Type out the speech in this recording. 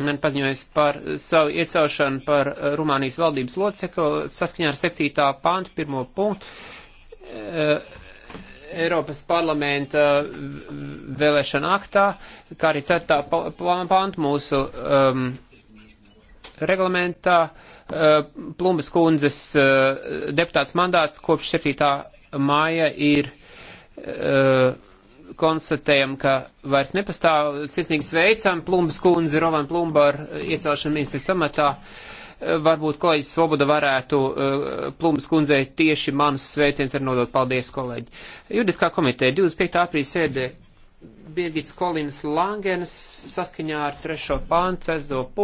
man paziņojas par savu iecaušanu par eh, Rumānijas valdības locekli saskaņā ar 7. pāntu, 1. punktu, eh, Eiropas parlamenta vēlēšana aktā, kā arī 4. pāntu mūsu um, reglamentā, eh, Plumbas kundzes deputāts mandāts kopš 7. māja ir uh, konstatējam, ka vairs nepastāv sirsnīgi sveicam Plumbas kundzi, Roman Plumba ar iecelšanu ministri samatā. Varbūt kolēģis Svoboda varētu eh, Plumbas kundzei tieši manus sveiciens ar nodot. Paldies, kolēģi. Juridiskā komiteja 25. aprīļa sēdē Birgits Kolins Langenes saskaņā ar 3. pāns 4.